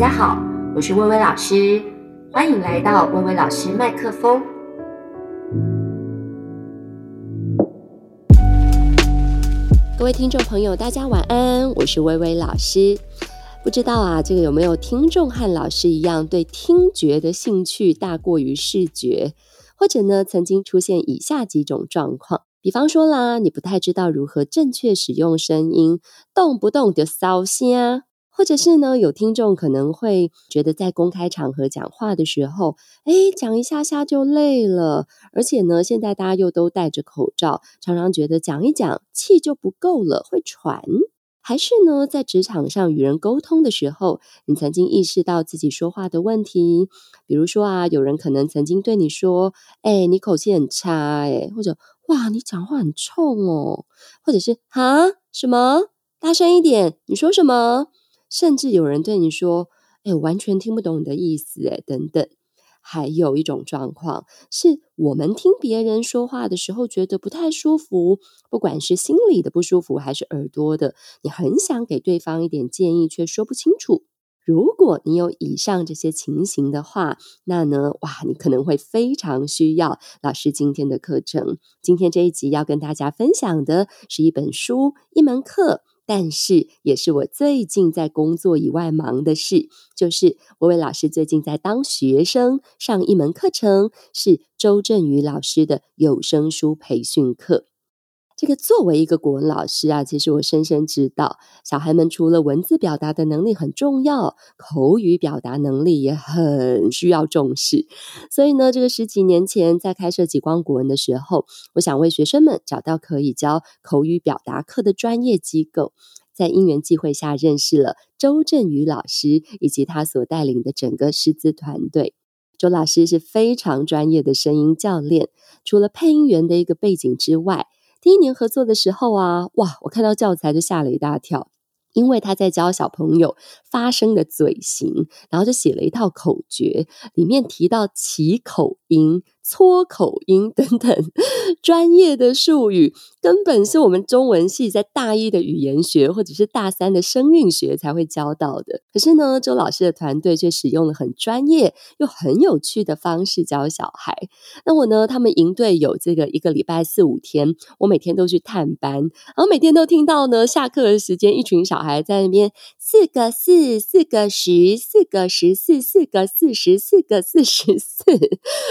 大家好，我是薇薇老師，歡迎來到薇薇老師麥克風。各位聽眾朋友，大家晚安，我是薇薇老師。不知道啊，這個有沒有聽眾和老師一樣，對聽覺的興趣大過於視覺？或者呢，曾經出現以下幾種狀況，比方說啦，你不太知道如何正確使用聲音，動不動就燒聲。或者是呢，有聽眾可能會覺得在公開場合講話的時候，哎，講一下下就累了，而且呢，現在大家又都戴着口罩，常常覺得講一講氣就不夠了，會喘。還是呢，在職場上與人溝通的時候，你曾經意識到自己說話的問題，比如說啊，有人可能曾經對你說：“哎，你口氣很差誒，誒，或者哇，你講話很衝哦，或者是啊，什麼？大聲一點，你說什麼？”甚至有人對你說：“哎，我完全聽不懂你的意思，哎，等等。”還有一種狀況是我們聽別人說話的時候，覺得不太舒服，不管是心裡的不舒服還是耳朵的，你很想給對方一點建議，卻說不清楚。如果你有以上這些情形的話，那呢，哇，你可能會非常需要老師今天的課程。今天這一集要跟大家分享的是一本書，一門課。但是，也是我最近在工作以外忙的事，就是薇薇老師最近在當學生，上一門課程，是周震宇老師的有聲書培訓課。這個作為一個國文老師啊，其實我深深知道，小孩們除了文字表達的能力很重要，口語表達能力也很需要重視。所以呢，這個十幾年前在開設極光國文的時候，我想為學生們找到可以教口語表達課的專業機構，在因緣際會下認識了周震宇老師以及他所帶領的整個師資團隊。周老師是非常專業的聲音教練，除了配音員的一個背景之外。第一年合作的時候啊，哇！我看到教材就嚇了一大跳，因為他在教小朋友發聲的嘴型，然後就寫了一套口訣，裡面提到齊口音、搓口音等等專業的術語，根本是我們中文系在大一的語言學或者是大三的聲韻學才會教到的。可是呢，周老師的團隊卻使用了很專業又很有趣的方式教小孩。那我呢，他們營隊有這個一個禮拜四五天，我每天都去探班，然後每天都聽到呢下課的時間，一群小孩在那邊四個四四個，四個十四個十四四個四十四個四十，四個四十四，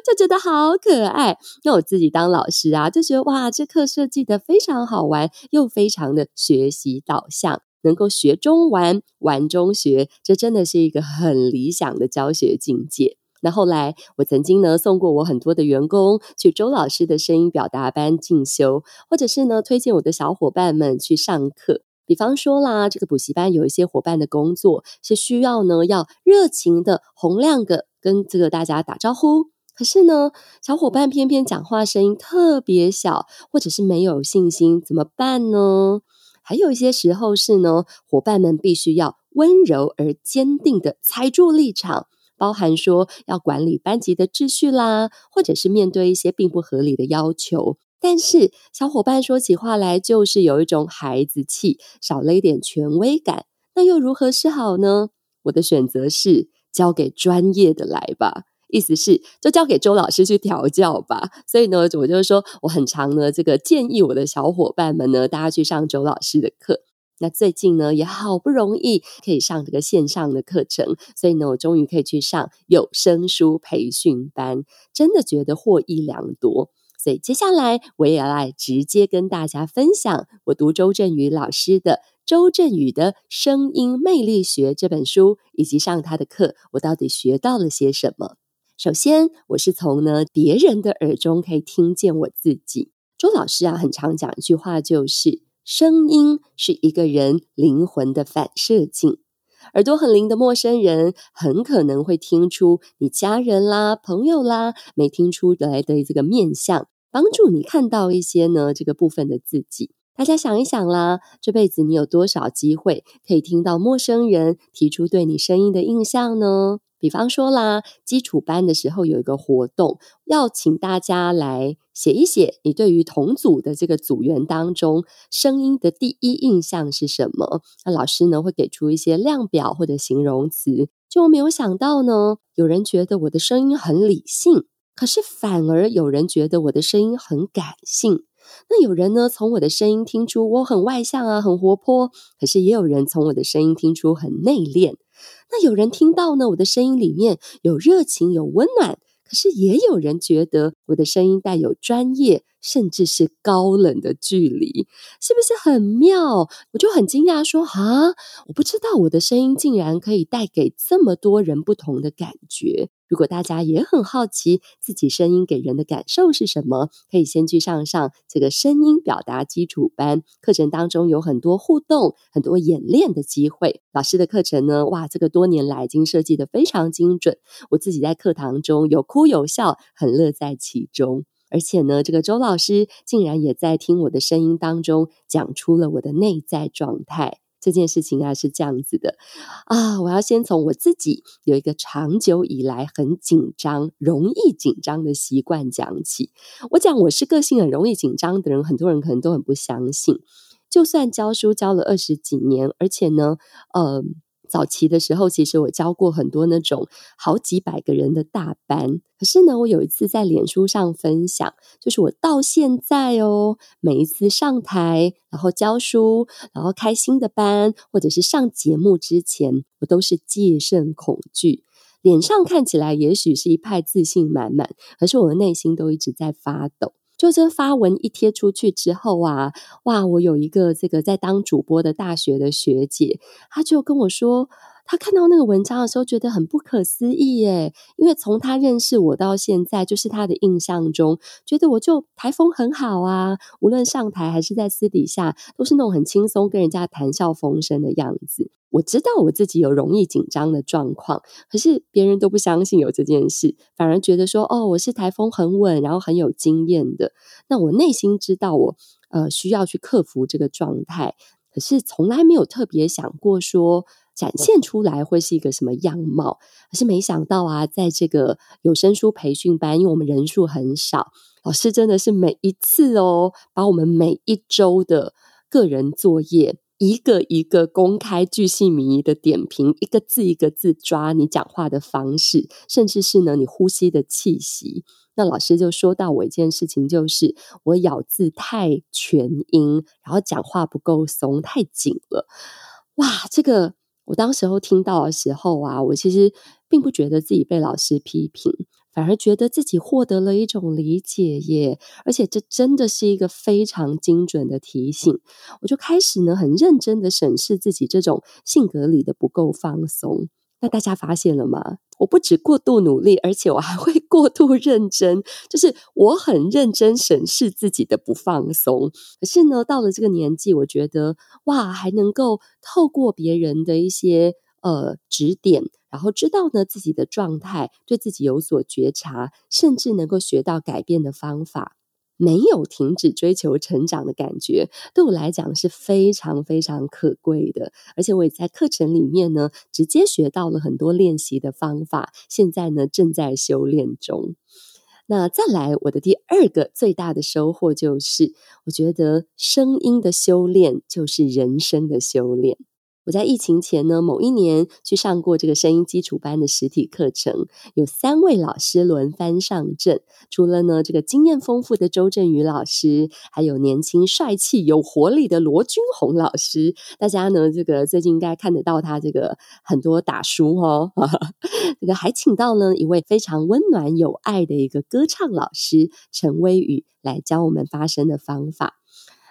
就覺得好。好可愛！那我自己當老師啊，就覺得哇，這課設計的非常好玩，又非常的學習導向，能夠學中玩，玩中學，這真的是一個很理想的教學境界。那後來我曾經呢，送過我很多的員工去周老師的聲音表達班進修，或者是呢，推薦我的小夥伴們去上課。比方說啦，這個補習班有一些夥伴的工作是需要呢，要熱情的、洪亮的跟這個大家打招呼。可是呢，小夥伴偏偏講話聲音特別小，或者是沒有信心，怎麼辦呢？還有一些時候是呢，伙伴們必須要溫柔而堅定的踩住立場，包含說要管理班級的秩序啦，或者是面對一些並不合理的要求。但是小夥伴說起話來就是有一種孩子氣，少了一點權威感，那又如何是好呢？我的選擇是交給專業的來吧。意思是，就交給周老師去調教吧。所以呢，我就說，我很常呢，這個建議我的小夥伴們呢，大家去上周老師的課。那最近呢，也好不容易可以上這個線上的課程，所以呢，我終於可以去上有聲書培訓班，真的覺得獲益良多。所以接下來我也要來直接跟大家分享，我讀周震宇老師的《周震宇的聲音魅力學》這本書，以及上他的課，我到底學到了些什麼。首先，我是從呢別人的耳中可以聽見我自己。周老師啊，很常講一句話，就是聲音是一個人靈魂的反射鏡。耳朵很靈的陌生人，很可能會聽出你家人啦、朋友啦沒聽出來的這個面向，幫助你看到一些呢這個部分的自己。大家想一想啦，這輩子你有多少機會可以聽到陌生人提出對你聲音的印象呢？比方說啦，基礎班的時候有一個活動，要請大家來寫一寫你對於同組的這個組員當中聲音的第一印象是什麼。那老師呢會給出一些量表或者形容詞，就沒有想到呢，有人覺得我的聲音很理性，可是反而有人覺得我的聲音很感性。那有人呢，從我的聲音聽出我很外向啊，很活潑；可是也有人從我的聲音聽出很內斂。那有人聽到呢，我的聲音裡面有熱情、有溫暖；可是也有人覺得我的聲音帶有專業，甚至是高冷的距離。是不是很妙？我就很驚訝說，說啊，我不知道我的聲音竟然可以帶給這麼多人不同的感覺。如果大家也很好奇自己聲音給人的感受是什麼，可以先去上上這個聲音表達基礎班，課程當中有很多互動、很多演練的機會。老師的課程呢，哇，這個多年來已經設計得非常精準。我自己在課堂中有哭有笑，很樂在其中。而且呢，這個周老師竟然也在聽我的聲音當中講出了我的內在狀態。這件事情啊是這樣子的啊，我要先從我自己有一個長久以來很緊張、容易緊張的習慣講起。我講我是個性很容易緊張的人，很多人可能都很不相信。就算教書教了二十幾年，而且呢，嗯、呃。早期的時候，其實我教過很多那種好幾百個人的大班。可是呢，我有一次在臉書上分享，就是我到現在哦，每一次上台，然後教書，然後開新的班，或者是上節目之前，我都是戒慎恐懼，臉上看起來也許是一派自信滿滿，可是我的內心都一直在發抖。就這發文一貼出去之後啊，哇！我有一個這個在當主播的大學的學姐，她就跟我說。他看到那個文章的時候，覺得很不可思議耶。因為從他認識我到現在，就是他的印象中，覺得我就台風很好啊。無論上台還是在私底下，都是那種很輕鬆，跟人家談笑風生的樣子。我知道我自己有容易緊張的狀況，可是別人都不相信有這件事，反而覺得說：“哦，我是台風很穩，然後很有經驗的。”那我內心知道我呃需要去克服這個狀態，可是從來沒有特別想過說。展現出來會是一個什麼樣貌？可是沒想到啊，在這個有聲書培訓班，因為我們人數很少，老師真的是每一次哦，把我們每一周的個人作業一個一個公開，巨細靡遺的點評，一個字一個字抓你講話的方式，甚至是呢你呼吸的氣息。那老師就說到我一件事情，就是我咬字太全音，然後講話不夠鬆，太緊了。哇，這個！我當時候聽到的時候啊，我其實並不覺得自己被老師批評，反而覺得自己獲得了一種理解耶。而且這真的是一個非常精準的提醒，我就開始呢，很認真的審視自己這種性格裡的不夠放鬆。那大家發現了嗎？我不止過度努力，而且我還會過度認真。就是我很認真審視自己的不放鬆。可是呢，到了這個年紀，我覺得哇，還能夠透過別人的一些呃指點，然後知道呢自己的狀態，對自己有所覺察，甚至能夠學到改變的方法。沒有停止追求成長的感覺，對我來講是非常非常可貴的。而且我也在課程裡面呢，直接學到了很多練習的方法，現在呢正在修煉中。那再來，我的第二個最大的收穫就是，我覺得聲音的修煉就是人生的修煉。我在疫情前呢，某一年去上過這個聲音基礎班的實體課程，有三位老師輪番上陣，除了呢這個經驗豐富的周震宇老師，還有年輕帥氣有活力的羅君紅老師，大家呢，這個最近應該看得到他這個很多打書哦， 這個還請到了一位非常溫暖有愛的一個歌唱老師陳威宇來教我們發聲的方法。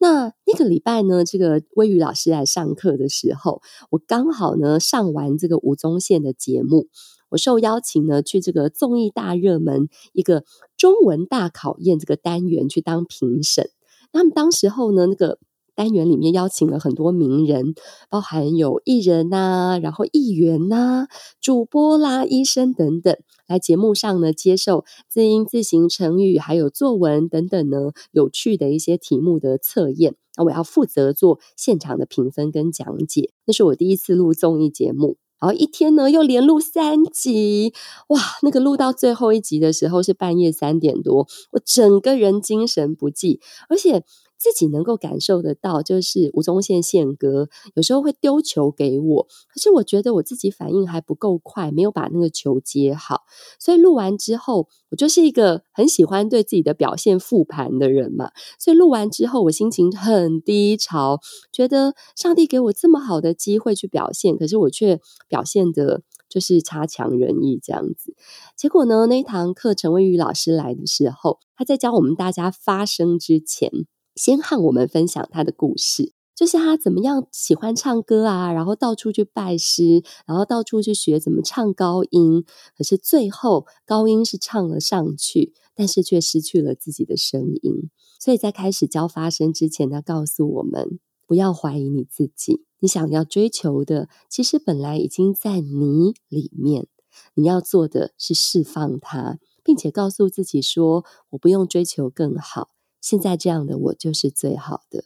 那那個禮拜呢，這個震宇老師來上課的時候，我剛好呢上完這個吳宗憲的節目，我受邀請呢去這個綜藝大熱門一個中文大考驗這個單元去當評審。那麼當時候呢，那個。單元裡面邀請了很多名人，包含有藝人吶、啊，然後議員吶、啊、主播啦、醫生等等，來節目上呢接受字音、字形、成語，還有作文等等呢，有趣的一些題目的測驗。那我要負責做現場的評分跟講解。那是我第一次錄綜藝節目，然後一天呢又連錄三集，哇，那個錄到最後一集的時候是半夜三點多，我整個人精神不濟，而且。自己能夠感受得到，就是吳宗憲憲哥有時候會丟球給我，可是我覺得我自己反應還不夠快，沒有把那個球接好。所以錄完之後，我就是一個很喜歡對自己的表現復盤的人嘛。所以錄完之後，我心情很低潮，覺得上帝給我這麼好的機會去表現，可是我卻表現得就是差強人意這樣子。結果呢，那一堂課陳威宇老師來的時候，他在教我們大家發聲之前。先和我們分享他的故事，就是他怎麼樣喜歡唱歌啊，然後到處去拜師，然後到處去學怎麼唱高音。可是最後高音是唱了上去，但是卻失去了自己的聲音。所以在開始教發聲之前，他告訴我們：不要懷疑你自己，你想要追求的其實本來已經在你裡面。你要做的是釋放它，並且告訴自己說：我不用追求更好。現在這樣的我就是最好的。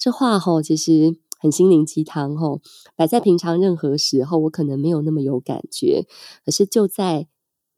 這話吼、哦，其實很心靈雞湯吼、哦，擺在平常任何時候，我可能沒有那麼有感覺，可是就在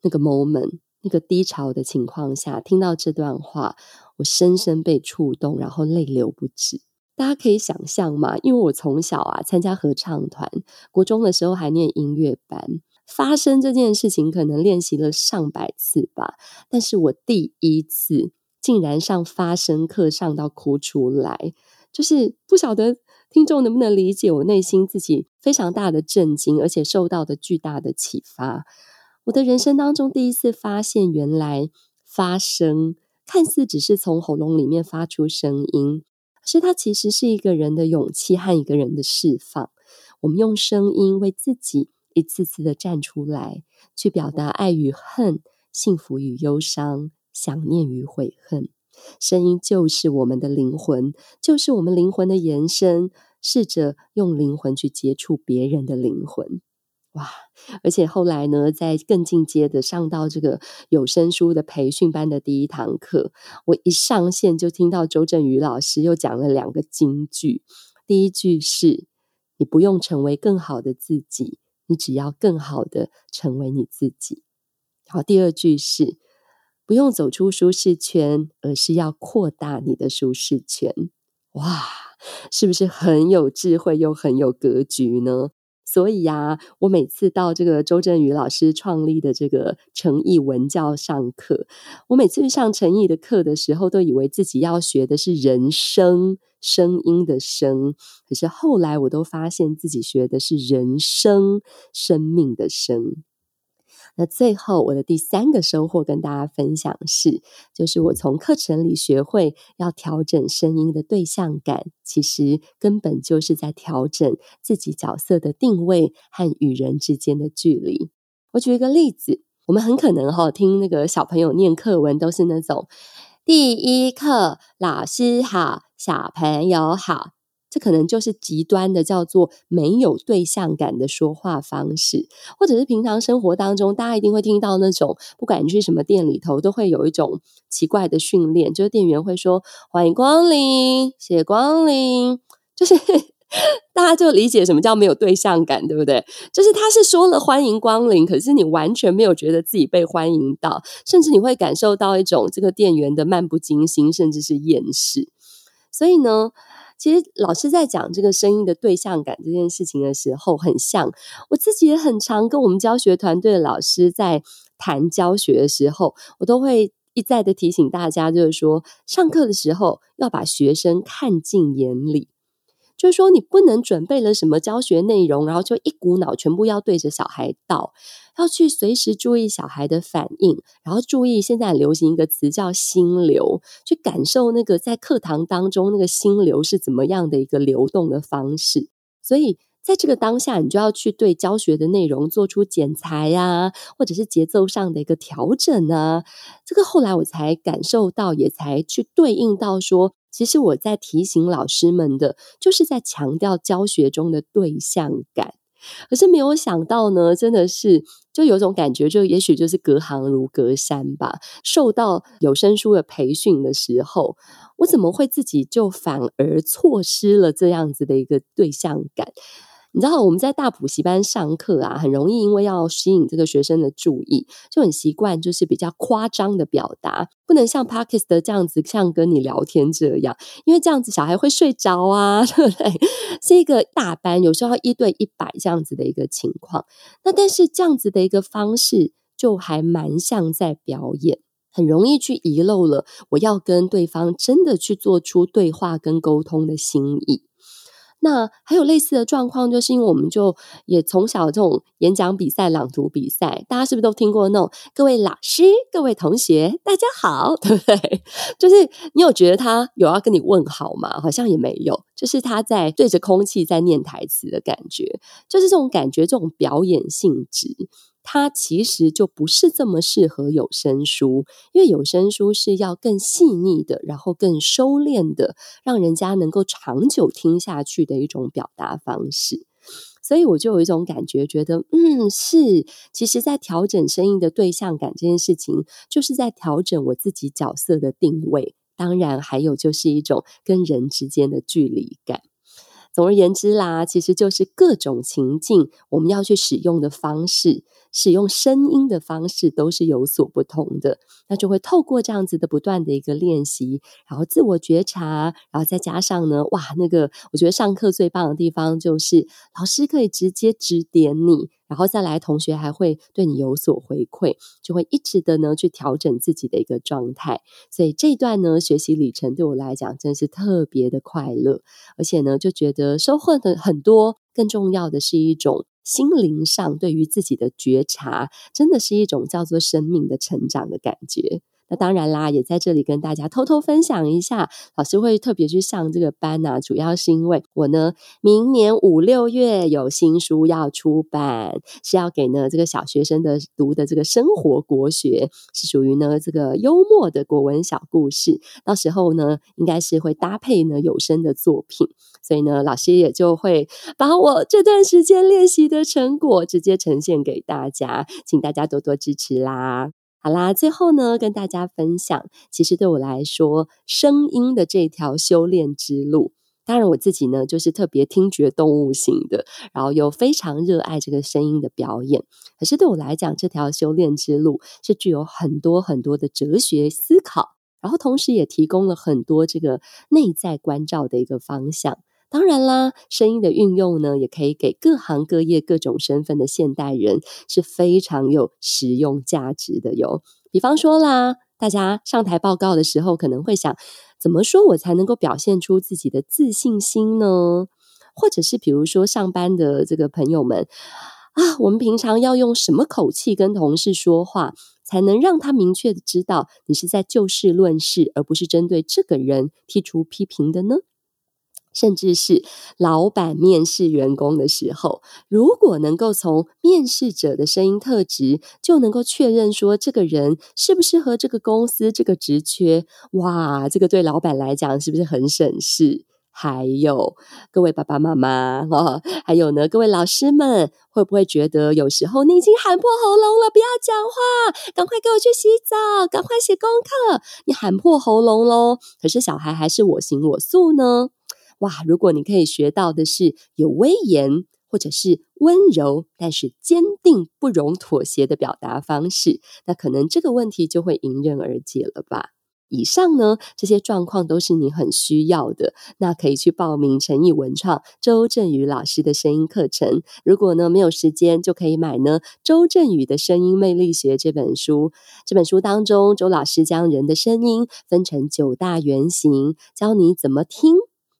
那個 moment，那個低潮的情況下，聽到這段話，我深深被觸動，然後淚流不止。大家可以想象嗎？因為我從小啊參加合唱團，國中的時候還念音樂班，發聲這件事情，可能練習了上百次吧，但是我第一次。竟然上發聲課上到哭出來，就是不曉得聽眾能不能理解我內心自己非常大的震驚，而且受到的巨大的啟發。我的人生當中第一次發現，原來發聲看似只是從喉嚨裡面發出聲音，而是它其實是一個人的勇氣和一個人的釋放。我們用聲音為自己一次次的站出來，去表達愛與恨、幸福與憂傷。想念與悔恨，聲音就是我們的靈魂，就是我們靈魂的延伸。試着用靈魂去接觸別人的靈魂，哇！而且後來呢，在更進階的上到這個有聲書的培訓班的第一堂課，我一上線就聽到周震宇老師又講了兩個金句。第一句是：你不用成為更好的自己，你只要更好的成為你自己。好，第二句是。不用走出舒適圈，而是要擴大你的舒適圈。哇，是不是很有智慧又很有格局呢？所以呀、啊，我每次到這個周震宇老師創立的這個澄意文教上課，我每次上澄意的課的時候，都以為自己要學的是人聲，聲音的聲，可是後來我都發現自己學的是人生，生命的生。那最後，我的第三個收穫跟大家分享是，就是我從課程裡學會要調整聲音的對象感，其實根本就是在調整自己角色的定位和與人之間的距離。我舉一個例子，我們很可能哈、哦、聽那個小朋友念課文都是那種第一課，老師好，小朋友好。這可能就是極端的，叫做沒有對象感的說話方式，或者是平常生活當中，大家一定會聽到那種，不管你去什麼店裡頭，都會有一種奇怪的訓練，就是店員會說“歡迎光臨，謝謝光臨”，就是呵呵，大家就理解什麼叫沒有對象感，對不對？就是他是說了“歡迎光臨”，可是你完全沒有覺得自己被歡迎到，甚至你會感受到一種這個店員的漫不經心，甚至是厭世。所以呢，其實老師在講這個聲音的對象感這件事情的時候，很像我自己也很常跟我們教學團隊的老師在談教學的時候，我都會一再的提醒大家，就是說上課的時候要把學生看進眼裡。就是說，你不能準備了什麼教學內容，然後就一股腦全部要對着小孩倒，要去隨時注意小孩的反應，然後注意現在很流行一個詞叫“心流”，去感受那個在課堂當中那個心流是怎麼樣的一個流動的方式。所以，在這個當下，你就要去對教學的內容做出剪裁呀、啊，或者是節奏上的一個調整啊。這個後來我才感受到，也才去對應到說。其實我在提醒老師們的，就是在強調教學中的對象感。可是沒有想到呢，真的是就有種感覺，就也許就是隔行如隔山吧。受到有聲書的培訓的時候，我怎麼會自己就反而錯失了這樣子的一個對象感？你知道我們在大補習班上課啊，很容易因為要吸引這個學生的注意，就很習慣就是比較誇張的表達，不能像 podcast 的這樣子，像跟你聊天這樣，因為這樣子小孩會睡着啊，對不對？是一個大班，有時候要一對一百這樣子的一個情況。那但是這樣子的一個方式，就還蠻像在表演，很容易去遺漏了我要跟對方真的去做出對話跟溝通的心意。那還有類似的狀況，就是因為我們就也從小這種演講比賽、朗讀比賽，大家是不是都聽過那種“各位老師、各位同學，大家好”，對不對？就是你有覺得他有要跟你問好嗎？好像也沒有，就是他在對着空氣在念台詞的感覺，就是這種感覺，這種表演性質。它其實就不是這麼適合有聲書，因為有聲書是要更細膩的，然後更收斂的，讓人家能夠長久聽下去的一種表達方式。所以我就有一種感覺，覺得嗯，是。其實，在調整聲音的對象感這件事情，就是在調整我自己角色的定位。當然，還有就是一種跟人之間的距離感。總而言之啦，其實就是各種情境我們要去使用的方式。使用聲音的方式都是有所不同的，那就會透過這樣子的不斷的一個練習，然後自我覺察，然後再加上呢，哇，那個我覺得上課最棒的地方就是老師可以直接指點你，然後再來同學還會對你有所回饋，就會一直的呢去調整自己的一個狀態。所以這一段呢學習旅程對我來講真是特別的快樂，而且呢就覺得收穫的很多，更重要的是一種。心靈上對於自己的覺察，真的是一種叫做生命的成長的感覺。那當然啦，也在這裡跟大家偷偷分享一下。老師會特別去上這個班啊，主要是因為我呢，明年五六月有新書要出版，是要給呢這個小學生的讀的這個生活國學，是屬於呢這個幽默的國文小故事。到時候呢，應該是會搭配呢有聲的作品，所以呢，老師也就會把我這段時間練習的成果直接呈現給大家，請大家多多支持啦。好啦，最後呢，跟大家分享，其實對我來說，聲音的這條修煉之路，當然我自己呢，就是特別聽覺動物型的，然後又非常熱愛這個聲音的表演。可是對我來講，這條修煉之路是具有很多很多的哲學思考，然後同時也提供了很多這個內在關照的一個方向。當然啦，聲音的運用呢，也可以給各行各業、各種身份的現代人是非常有實用價值的喲。比方說啦，大家上台報告的時候，可能會想，怎麼說我才能夠表現出自己的自信心呢？或者是比如說上班的這個朋友們啊，我們平常要用什麼口氣跟同事說話，才能讓他明確的知道你是在就事論事，而不是針對這個人提出批評的呢？甚至是老闆面試員工的時候，如果能夠從面試者的聲音特質，就能夠確認說，這個人適不適合這個公司這個職缺，哇，這個對老闆來講是不是很省事？還有各位爸爸媽媽哦，還有呢，各位老師們，會不會覺得有時候你已經喊破喉嚨了，不要講話，趕快給我去洗澡，趕快寫功課，你喊破喉嚨嘍，可是小孩還是我行我素呢？哇！如果你可以學到的是有威嚴或者是溫柔，但是堅定、不容妥協的表達方式，那可能這個問題就會迎刃而解了吧。以上呢，這些狀況都是你很需要的，那可以去報名澄意文創周震宇老師的聲音課程。如果呢沒有時間，就可以買呢周震宇的《聲音魅力學》這本書。這本書當中，周老師將人的聲音分成九大原型，教你怎麼聽。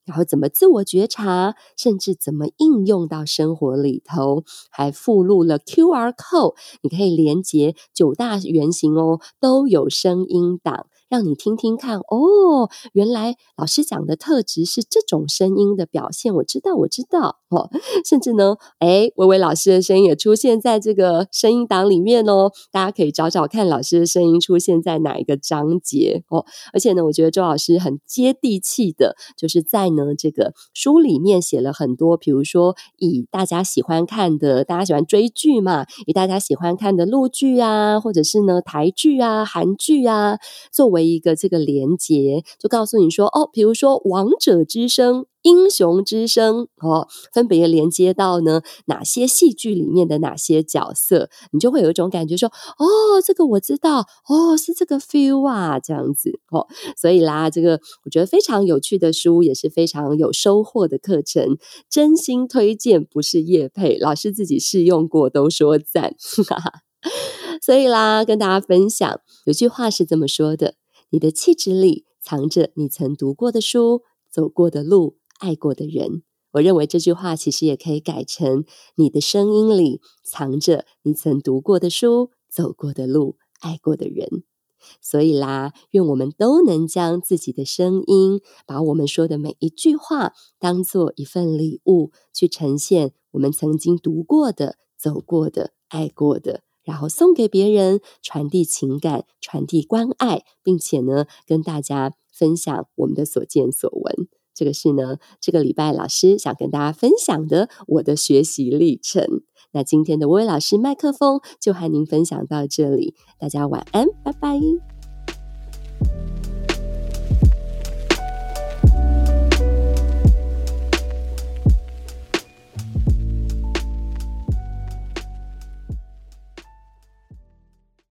然後怎麼自我覺察，甚至怎麼應用到生活裡頭，還附錄了 QR code，你可以連接九大原型哦，都有聲音檔。讓你聽聽看哦，原來老師講的特質是這種聲音的表現。我知道，我知道哦。甚至呢，哎，薇薇老師的聲音也出現在這個聲音檔裡面哦。大家可以找找看，老師的聲音出現在哪一個章節哦。而且呢，我覺得周老師很接地氣的，就是在呢這個書裡面寫了很多，比如說以大家喜歡看的，大家喜歡追劇嘛，以大家喜歡看的陸劇啊，或者是呢台劇啊、韓劇啊作為。一個這個連接就告訴你說哦，比如說王者之聲、英雄之聲哦，分別連接到呢哪些戲劇裡面的哪些角色，你就會有一種感覺說哦，這個我知道哦，是這個 feel 啊，這樣子哦。所以啦，這個我覺得非常有趣的書，也是非常有收穫的課程，真心推薦。不是業配，老師自己試用過都說讚，呵呵，所以啦，跟大家分享，有句話是這麼說的。你的氣質裡藏着你曾讀過的書、走過的路、愛過的人。我認為這句話其實也可以改成：你的聲音裡藏着你曾讀過的書、走過的路、愛過的人。所以啦，願我們都能將自己的聲音，把我們說的每一句話，當做一份禮物，去呈現我們曾經讀過的、走過的、愛過的。然後送給別人，傳遞情感，傳遞關愛，並且呢，跟大家分享我們的所見所聞。這個是呢，這個禮拜老師想跟大家分享的我的學習歷程。那今天的薇薇老師麥克風就和您分享到這裡，大家晚安，拜拜。